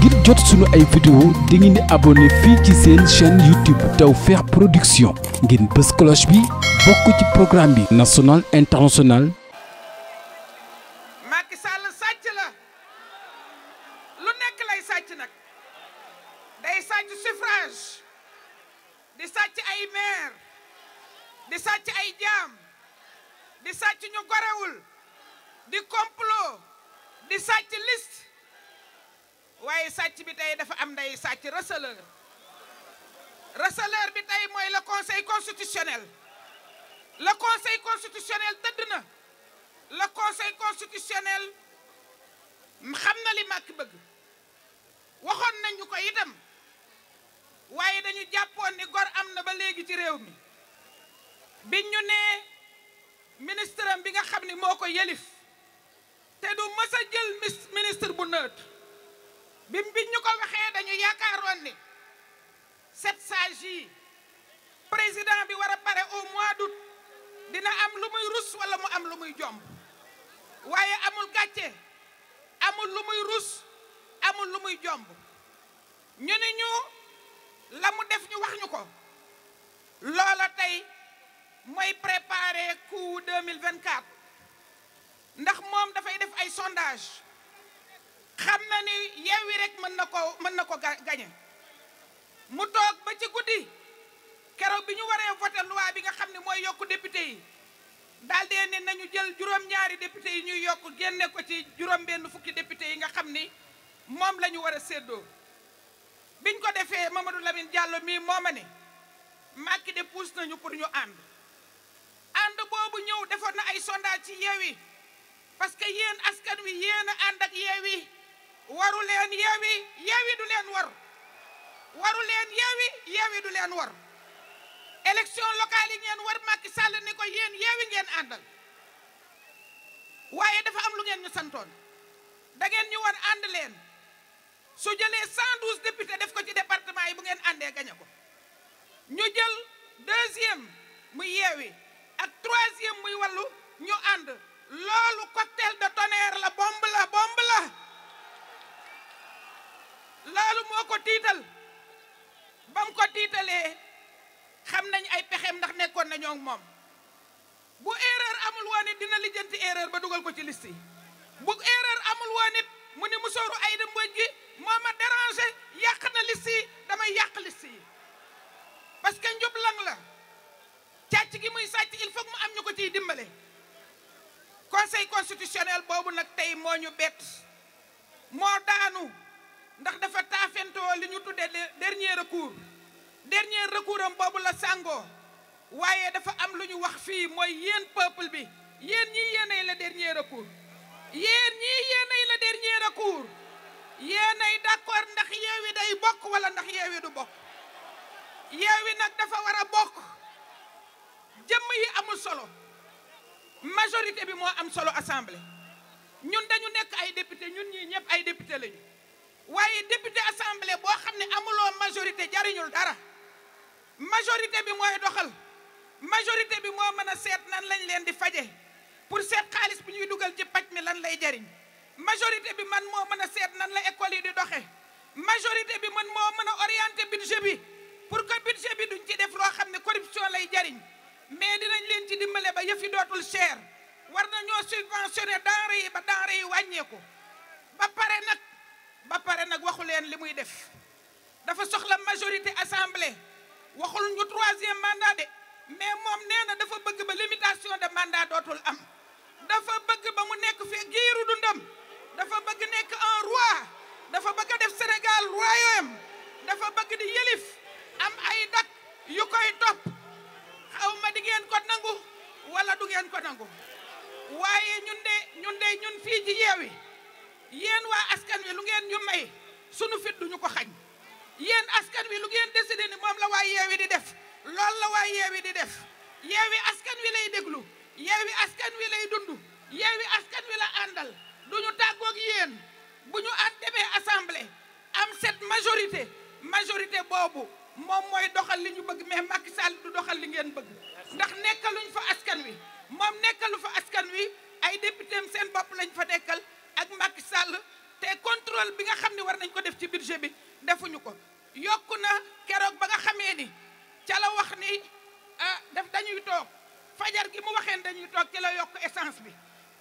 ngir jot sunu ay vidéo di ngeen di abonné fii ci seen chaîne YouTube Tawfekh Production ngeen bës cloche bi bokk ci programme bi national international Macky sàcc la lu nekk lay sàcc nag day sàcc suffrage di sàcc ay maire di sàcc ay jaam di sàcc ñu gorewul di complot di sàcc liste waaye sàcc bi tey dafa am nday sàcc receleur receleur bi tey mooy la conseil constitutionnel la conseil constitutionnel tëdd na le conseil constitutionnel xam na li màkk bëgg waxoon nañu ko itam waaye dañu jàppoon ni gor am na ba léegi ci réew mi biñ ñu nee ministre bi nga xam ni moo ko yelif te du mës jël ministre bu neutre bim biñ ñu ko waxee dañu yaakaaroon ni sept sages yi président bi war a pare au mois d'août dina am lu muy rus wala mu am lu muy jomb waaye amul gàcce amul lu muy rus amul lu muy jomb ñu ni ñu la mu def ñu wax ñu ko loola tey mooy préparer coup 2024 ndax moom dafay def ay sondage xam na ni Yewwi rek mën na ko mën na ko gañe mu toog ba ci guddi keroog bi ñu waree voté loi bi nga xam ne mooy yokku député yi daal dee ne nañu jël juróom-ñaari député yi ñuy yokk génne ko ci juróom-benn fukki député yi nga xam ni moom la ñu war a séddoo biñ ko defee Mamadou lamin jàll mii mooma ne Macky de puus nañu pour ñu ànd ànd boobu ñëw defoon na ay sondage ci Yewwi parce que yéen askan wi yéen a ànd ak Yewwi waru leen yewi yewi du leen war waru leen yewi yewi du leen war élection locale yi ngeen war Macky Sall ni ko yéen yeewi ngeen àndal waaye dafa am lu ngeen ñu santoon da ñu war ànd leen su jëlee 112 députés def ko ci département yi bu ngeen àndee gañe ko ñu jël deuxième muy yeewi ak troisième muy wàllu ñu ànd loolu cocktail de tonnerre la bombe la bombe moo ko tiital ba mu ko tiitalee xam nañ ay pexeem ndax nekkoon nañoo moom bu erreur amul woon it dina lijjanti erreur ba dugal ko ci liste yi bu erreur amul woon it mu ni musooru Aïda Mbodj gi moo ma dérangé yàq na liste yi damay yàq liste yi parce que njublang la càcc gi muy sàcc il faut mu am ñu ko ciy dimbale conseil constitutionnel boobu nag tey moo ñu bett moo daanu ndax dafa taafentoo li ñu tuddee dernier recours dernier recours am boobu la sàngoo waaye dafa am lu ñu wax fii mooy yéen peuple bi yéen ñii yéenay la dernier recours yéen ñii yéenay la dernier recours yéenay d'accord ndax yeewi day bokk wala ndax yeewi du bokk yeewi nag dafa war a bokk jëmm yi amul solo majorité bi moo am solo assemblée ñun dañu nekk ay député ñun ñii ñëpp ay député lañu waaye député assemblée boo xam ne amuloo majorité jariñul dara majorité bi mooy doxal majorité bi moo mën a seet nan lañ leen di faje pour seet xaalis bi ñuy dugal ci paj mi lan lay jariñ majorité bi man moo mën a seet nan la école di doxe majorité bi mën moo mën a orienté budget bi pour que duñ ci def loo xam ne corruption lay jariñ mais dinañ leen ci dimbale ba yëfi dootul cher war nañoo subventionné denrée yi ba denrée yi wàññeeku ba pare nag ba pare nag waxu leen li muy def dafa soxla majorité assemblée waxul ñu troisième mandat de mais moom nee dafa bëgg ba limitation de mandat dootul am dafa bëgg ba mu nekk fi giiru dundam dafa bëgg nekk un roi dafa bëgg def Sénégal royaume dafa bëgg di yëlif am ay dak yu koy topp xaw ma di ko nangu wala du ngeen ko nangu waaye ñun de ñun fii ci yeewi yéen waa askan wi lu ngeen ñu may sunu fit duñu ko xañ yéen askan wi lu ngeen décidé ni moom la waa yeewi di def loolu la waa yeewi di def yeewi askan wi lay déglu yeewi askan wi lay dund yeewi askan wi la àndal duñu tàggoog yéen bu ñu at demee assemblée am cette majorité majorité boobu moom mooy doxal li ñu bëgg mais Macky Sall du doxal li ngeen bëgg ndax nekkaluñ fa askan wi moom nekkalu fa askan wi ay député seen bopp lañ fa nekkal Macky Sall te contrôle bi nga xam ne war nañ ko def ci budget bi defuñu ko yokku na keroog ba nga xamee ni ca la wax ni ah, daf dañuy toog fajar gi mu waxeen dañuy toog ci la yokk essence bi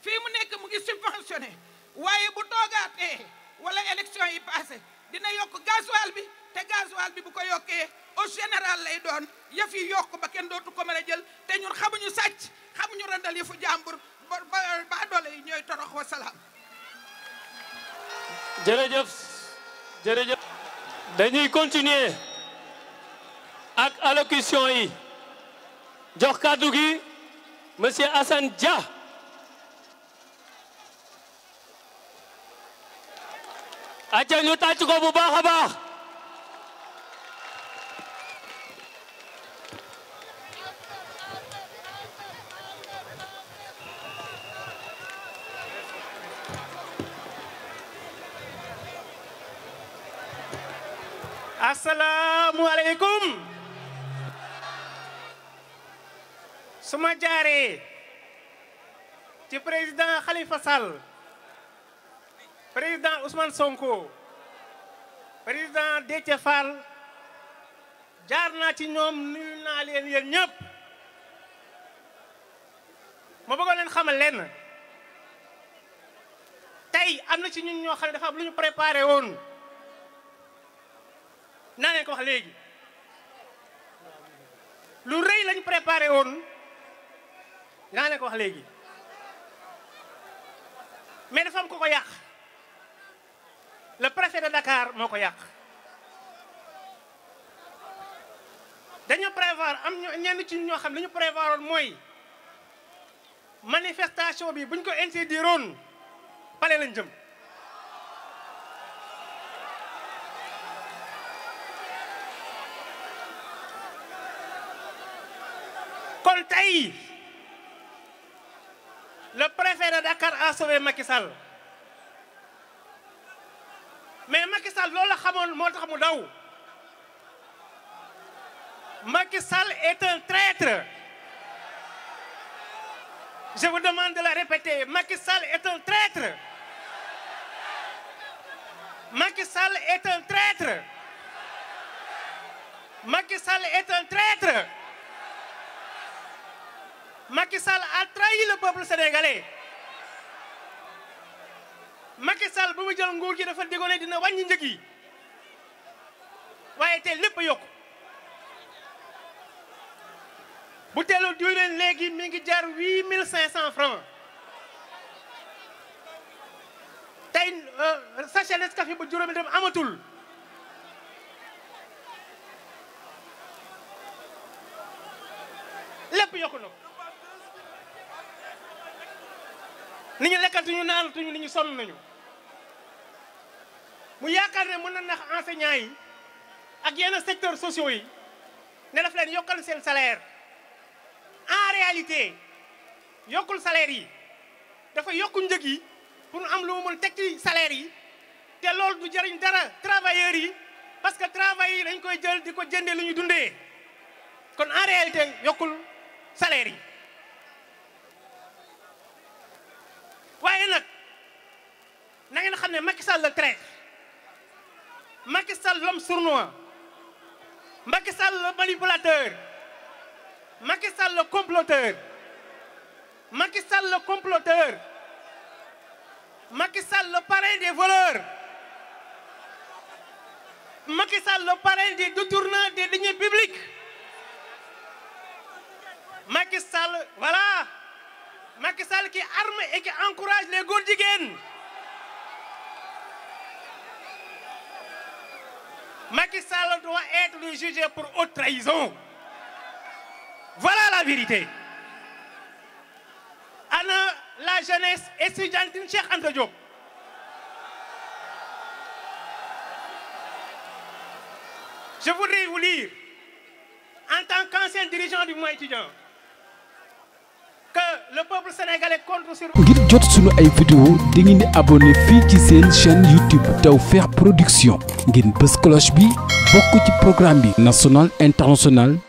fii mu nekk mu ngi subventionné waaye bu toogaatee wala élection yi passé dina yokk gasoil bi te gasoil bi bu ko yokkee au général lay doon yëf yi yokk ba kenn dootu ko mën a jël te ñun xamuñu sàcc xamuñu randal yëfu jàmbur ba ba doole yi ñooy torox wa salaam jërëjëf jërëjëf dañuy continuer ak allocution yi jox kàddu gi monsieur Assane Dia aca ñu tàcc ko bu baax a baax asalaamualeykum su ma jaaree ci président Khalifa Sall président Ousmane Sonko président Déthié Fall jaar naa ci ñoom nuyu naa leen yéen ñëpp ma bëggoon leen xamal lenn tey am na ci ñun ñoo xam ne dafa am lu ñu préparé woon. naa leen ko wax léegi lu rëy lañ préparé woon naa leen ko wax léegi mais dafa am ko ko yàq le préfet de Dakar moo ko yàq dañu prévoir am ñenn ci ñoo xam li ñu prévoir woon mooy manifestation bi buñ ko interdire woon pale lañu jëm kon tey le préfet de Dakar a sauvé Macky mais Macky Sall loolu la xamoon moo tax mu daw Macky Sall est un traître je vous demande de la répéter Macky Sall Sall est un traître Macky Sall est un traître Macky Sall a trahi le peuple sénégalais Macky Sall bu mu nguur gi dafa digoon dina wàññi waaye tey lépp a yokku bu teelu diwlin léegi mi ngi jar huit mille cinq cent francs tey euh, sachet Nescafé bu juróomi dem amatul lépp yokku na nit ñi lekkatuñu naanatuñu nit ñi sonn nañu mu yaakaar ne mën na nax enseignant yi ak yenn secteurs sociaux yi ne daf leen yokkal seen salaire en réalité yokkul salaire yi dafa yokku njëg yi pour am lu mu mën teg salaire yi te lool du jëriñ dara travailleurs yi parce que travail yi dañ koy jël di ko jëndee lu ñu dundee kon en réalité yokkul salaire yi xam ne Macky Sall le traître Macky Sall l'homme sournois Macky Sall le manipulateur Macky le comploteur Macky le comploteur des voleurs Macky le parrain des détournants des deniers publics Macky voilà Macky qui arme et qui encourage les góor Macky Sall doit être jugé pour haute trahison. Voilà la vérité. Ana la jeunesse estudiantine Cheikh Anta Diop. Je voudrais vous lire, en tant qu'ancien dirigeant du mouvement étudiant, le peuple sénégalais compte sur ngir jot sunu ay vidéo di ngeen di abonné fii ci seen chaîne YouTube Tawfekh Production ngeen bës cloche bi bokk ci programme bi national international